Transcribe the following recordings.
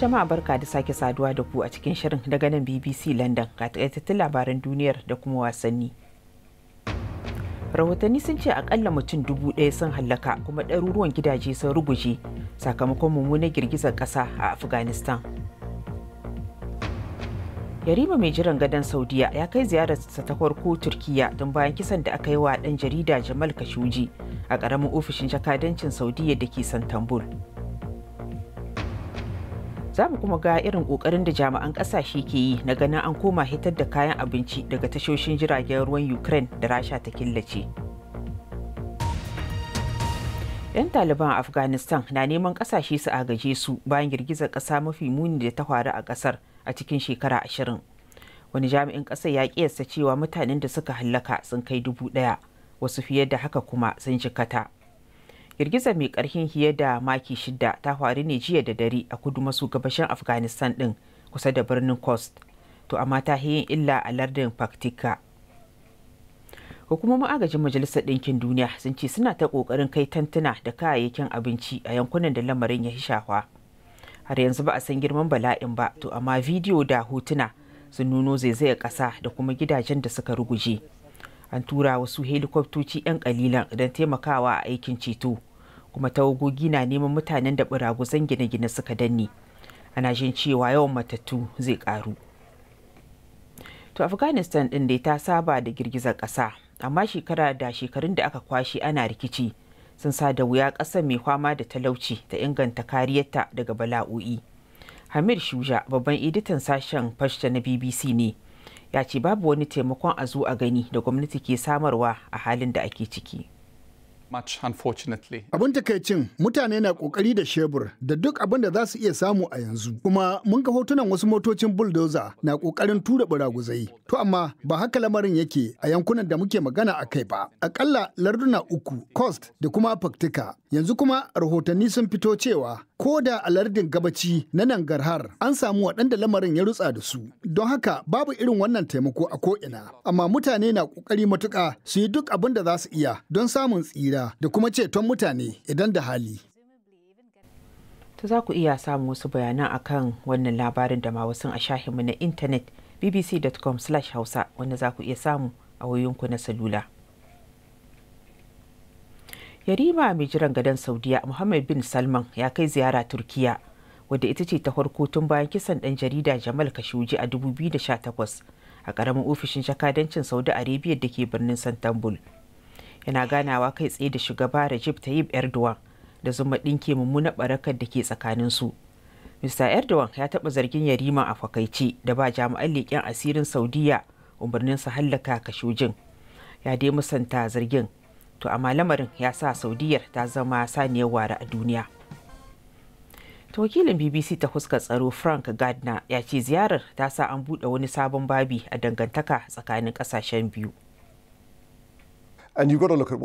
jama'a barka da sake saduwa da ku a cikin shirin daga nan bbc london ga takaitattun labaran duniyar da kuma wasanni rahotanni sun ce akalla mutum dubu ɗaya sun hallaka kuma ɗaruruwan gidaje sun ruguje sakamakon mummunar girgizar ƙasa a afghanistan yarima mai jiran gadon saudiya ya kai ziyararsa ta farko turkiya don bayan kisan da aka yi wa ɗan jarida jamal kashuji a ƙaramin ofishin jakadancin saudiya da ke santambul za mu kuma ga irin kokarin da jami'an kasashe ke yi na ganin an koma hitar da kayan abinci daga tashoshin jiragen ruwan ukraine da rasha ta killace 'yan taliban afghanistan na neman kasashe su agaje su bayan girgizar kasa mafi muni da ta faru a kasar a cikin shekara ashirin wani jami'in kasar ya kiyasta cewa mutanen da suka hallaka sun kai dubu daya wasu fiye da haka kuma sun jikata. girgiza mai karfin fiye da maki shida ta faru ne jiya da dare a kudu maso gabashin afghanistan din kusa da birnin coast to amma ta yin illa a lardin paktika hukumomin agajin majalisar ɗinkin duniya sun ce suna ta ƙoƙarin kai tantuna da kayayyakin abinci a yankunan da lamarin ya shafa har yanzu ba a san girman bala'in ba to amma bidiyo da hotuna sun nuno zaizaya ƙasa da kuma gidajen da suka ruguje an tura wasu helikwaftoci 'yan kalilan don taimakawa a aikin ceto kuma ogogi na neman mutanen da buraguzan gine-gine suka danne ana jin cewa yawan matattu zai karu to afghanistan din dai ta saba da girgizar ƙasa amma shekara da shekarun da aka kwashe ana rikici sun sa da wuya ƙasa mai kwama da talauci ta inganta kariyarta daga bala'o'i hamir shuja babban editan sashen fashta na bbc ne ya ce babu wani taimakon a zo a gani da gwamnati ke samarwa a halin da ake ciki much unfortunately. Abin takaicin mutane na kokari da shebur da duk abin da za su iya samu a yanzu. Kuma mun ga hotunan wasu motocin bulldozer na kokarin tura buraguzai. To amma ba haka lamarin yake a yankunan da muke magana a kai ba. Akalla larduna uku, Coast da kuma Faktika. Yanzu kuma rahotanni sun fito cewa ko da a lardin gabaci na nan garhar an samu waɗanda lamarin ya rutsa da su don haka babu irin wannan taimako a ko'ina amma mutane na ƙoƙari matuƙa su yi duk abin da za su iya don samun tsira da kuma ceton mutane idan da hali ta za ku iya samun wasu bayanan akan wannan labarin da ma wasu a shahinmu na intanet bbc.com/hausa wanda za ku iya samu a wayoyinku na salula. yarima mai jiran gadon saudiya muhammad bin salman ya kai ziyara turkiya wadda ita ce ta farko tun bayan kisan ɗan jarida jamal kashoji a 2018 a ƙaramin ofishin jakadancin saudi arabia da ke birnin santambul yana ganawa kai tsaye da shugaba rajib tayyip erdogan da zuma ɗinke mummunar barakar da ke tsakanin su mr erdogan ya taɓa zargin yarima a fakaice da ba jami'an leƙen asirin saudiya umarnin su hallaka kashujin ya dai musanta zargin to amma lamarin ya sa saudiyar ta zama saniyar ware a duniya ta wakilin bbc ta fuskar tsaro frank gardner ya ce ziyarar ta sa an buɗe wani sabon babi a dangantaka tsakanin ƙasashen biyu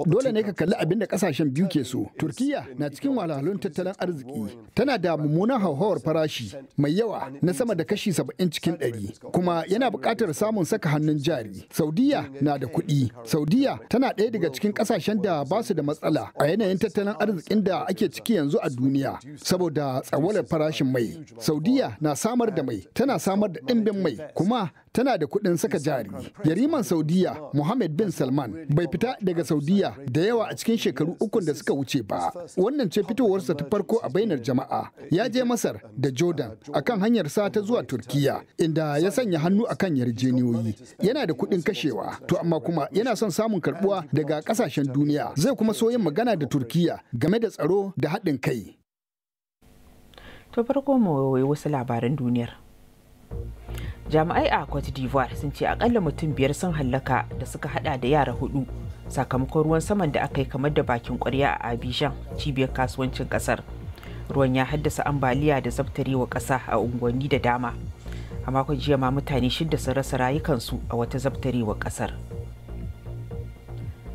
Dole ne ka kalli abin da kasashen biyu ke so. Turkiyya na cikin wahalhalun tattalin arziki. Tana da mummunan hauhawar farashi mai yawa na sama da kashi saba'in cikin 100 kuma yana buƙatar samun saka hannun jari. Saudiya na da kuɗi. Saudiya tana ɗaya daga cikin kasashen da ba su da matsala a yanayin tattalin arzikin da ake ciki yanzu a duniya saboda tsawalar farashin mai. Saudiya na samar da mai, tana samar da ɗimbin mai kuma tana da kuɗin saka jari. Yariman Saudiya Mohammed bin Salman bai fita daga Saudiya da yawa a cikin shekaru ukun da suka wuce ba. Wannan ce fitowarsa ta farko a bainar jama'a. Ya je Masar da Jordan akan hanyar sa ta zuwa Turkiya inda ya sanya hannu akan yarjejeniyoyi Yana da kuɗin kashewa to amma kuma yana son samun karbuwa daga ƙasashen duniya. Zai kuma so yin magana da Turkiya game da tsaro da haɗin kai. To farko mu wasu labaran duniyar. jami'ai a cote d'ivoire sun ce akalla mutum biyar sun hallaka da suka hada da yara hudu sakamakon ruwan saman da aka yi kamar da bakin kwarya a abidjan cibiyar kasuwancin kasar ruwan ya haddasa ambaliya da zabtarewa kasa a unguwanni da dama a makon jiya ma mutane shida sun rasa rayukansu a wata zabtarewa kasar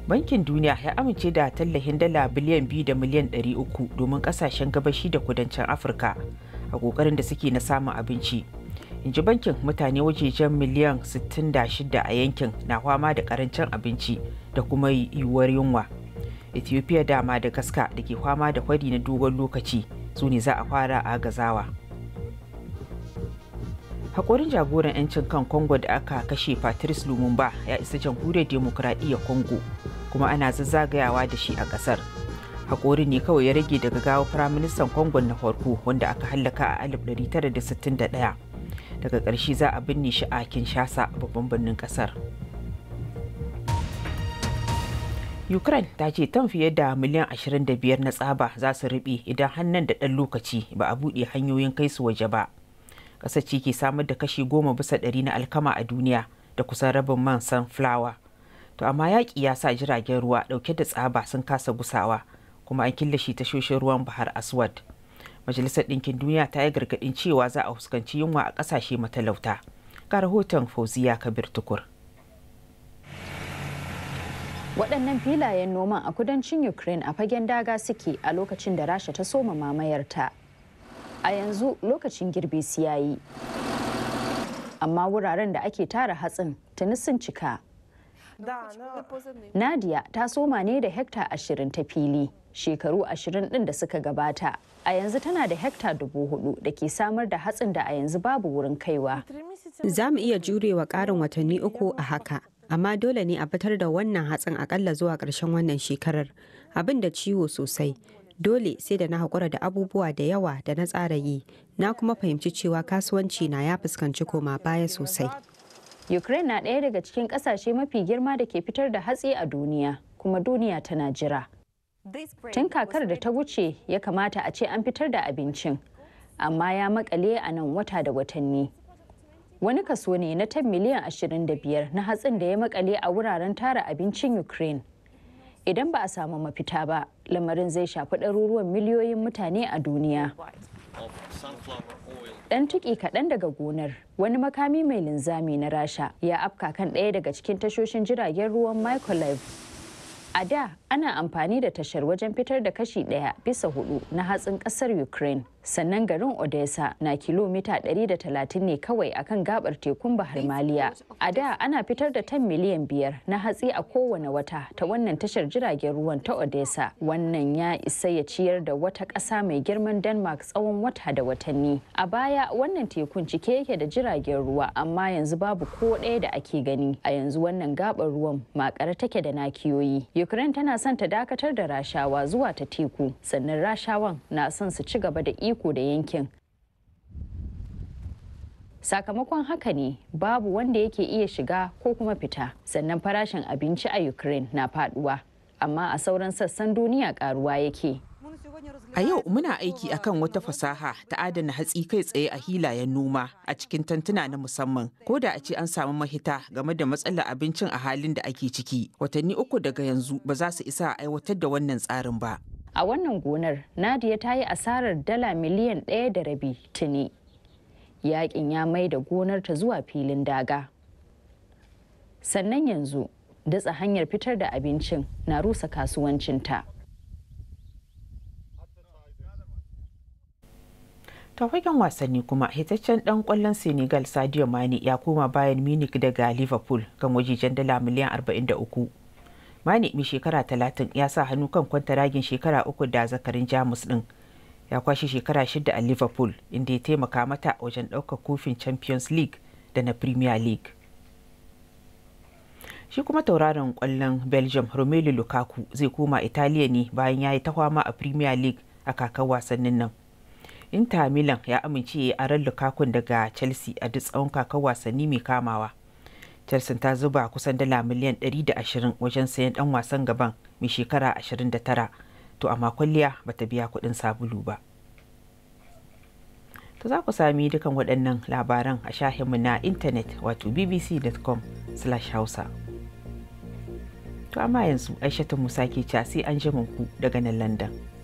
bankin duniya ya amince da tallahin dala biliyan biyu da miliyan ɗari uku domin ƙasashen gabashi da kudancin afirka a kokarin da suke na samun abinci in ji bankin mutane wajejen miliyan 66 a yankin na fama da karancin abinci da kuma yiwuwar yunwa ethiopia dama da gaska da ke kwama da kwari na dogon lokaci su ne za a fara a gazawa hakorin jagoran 'yancin kan congo da aka kashe patrice lumumba ya isa jamhuriyar demokuraɗiyyar congo kuma ana zazzagayawa da shi a ƙasar hakorin ne kawai ya rage daga gawo firaministan congo na farko wanda aka hallaka a 1961 daga ƙarshe za a binne shi a kinshasa babban birnin ƙasar ukraine ta ce tan fiye da miliyan 25 na tsaba za su riɓe idan hannun da ɗan lokaci ba a buɗe hanyoyin kai su waje ba ƙasar ce ke samar da kashi goma bisa ɗari na alkama a duniya da kusan rabin man sunflower to amma yaƙi ya sa jiragen ruwa ɗauke da tsaba sun kasa gusawa kuma an killa ta tashoshin ruwan bahar aswad majalisar ɗinkin duniya ta yi gargaɗin cewa za a fuskanci yunwa a ƙasashe matalauta ga rahoton fauziya kabir tukur waɗannan filayen noman a kudancin ukraine a fagen daga suke a lokacin da rasha ta soma mamayarta a yanzu lokacin girbi su yayi amma wuraren da ake tara hatsin tuni sun cika Nadia ta soma ne da hekta ashirin ta fili shekaru ashirin ɗin da suka gabata. A yanzu tana da hekta dubu hudu da ke samar da hatsin da a yanzu babu wurin kaiwa. Za mu iya jurewa ƙarin watanni uku a haka. amma dole ne a fitar da wannan hatsin akalla zuwa ƙarshen wannan shekarar abin da ciwo sosai dole sai da na haƙura da abubuwa da yawa da na tsara yi na kuma fahimci cewa kasuwanci na ya fuskanci koma baya sosai Ukraine na ɗaya daga cikin ƙasashe mafi girma da ke fitar da hatsi a duniya, kuma duniya tana jira. Tun kakar da ta wuce ya kamata a ce an fitar da abincin, amma ya makale a nan wata da watanni. Wani kaso ne na tan miliyan 25 na hatsin da ya makale a wuraren tara abincin Ukraine. Idan ba a samu mafita ba, lamarin zai shafi ɗaruruwan miliyoyin mutane a duniya. ɗan tuki kaɗan daga gonar wani makami mai linzami na rasha ya afka kan ɗaya daga cikin tashoshin jiragen ruwan microlife a da ana amfani da tashar wajen fitar da kashi ɗaya bisa hudu na hatsin ƙasar ukraine sannan garin odessa na kilomita 130 ne kawai akan gabar tekun bahar maliya a da ana fitar da tan miliyan biyar na hatsi a kowane wata ta wannan tashar jiragen ruwan ta odessa wannan ya isa ya ciyar da wata ƙasa mai girman denmark tsawon wata da watanni a baya wannan tekun cike yake da jiragen ruwa amma yanzu babu ko ɗaya da ake gani a yanzu wannan gabar ruwan makare take da nakiyoyi ukraine tana son ta dakatar da rashawa zuwa ta teku sannan rashawan na son su ci gaba da iko iko da yankin sakamakon haka ne babu wanda yake iya shiga ko kuma fita sannan farashin abinci a ukraine na faduwa amma a sauran sassan duniya karuwa yake A yau muna aiki akan wata fasaha ta adana hatsi kai tsaye a hilayen noma a cikin tantuna na musamman ko da a ce an samu mahita game da matsalar abincin a halin da ake ciki watanni uku daga yanzu ba za su isa a aiwatar da wannan tsarin ba. a wannan gonar nadia ta yi asarar dala miliyan ɗaya da rabi tuni yakin ya mai da gonar ta zuwa filin daga sannan yanzu datsa hanyar fitar da abincin na rusa kasuwancinta tafakin wasanni kuma hitaccen dan kwallon senegal sadio mani ya koma bayan munich daga liverpool kan wajijen dala miliyan 43 mani mai shekara talatin ya sa hannu kan kwantaragin shekara uku da zakarin jamus din ya kwashe shekara shida a liverpool inda ya taimaka mata wajen ɗaukar kofin champions league da na premier league shi kuma tauraron kwallon belgium romelu lukaku zai koma italiya ne bayan ya yi tahwama a premier league a kakar wasannin nan inter milan ya amince ya aron lukakun daga chelsea a duk tsawon kakan wasanni mai kamawa chelsea ta zuba kusan dala miliyan 120 wajen sayan dan wasan gaban mai shekara 29 to amma kwalliya ta biya kuɗin sabulu ba Ta za ku sami dukan waɗannan labaran a shahinmu na intanet wato bbc.com hausa to amma yanzu ta musa ke sai an ku daga nan london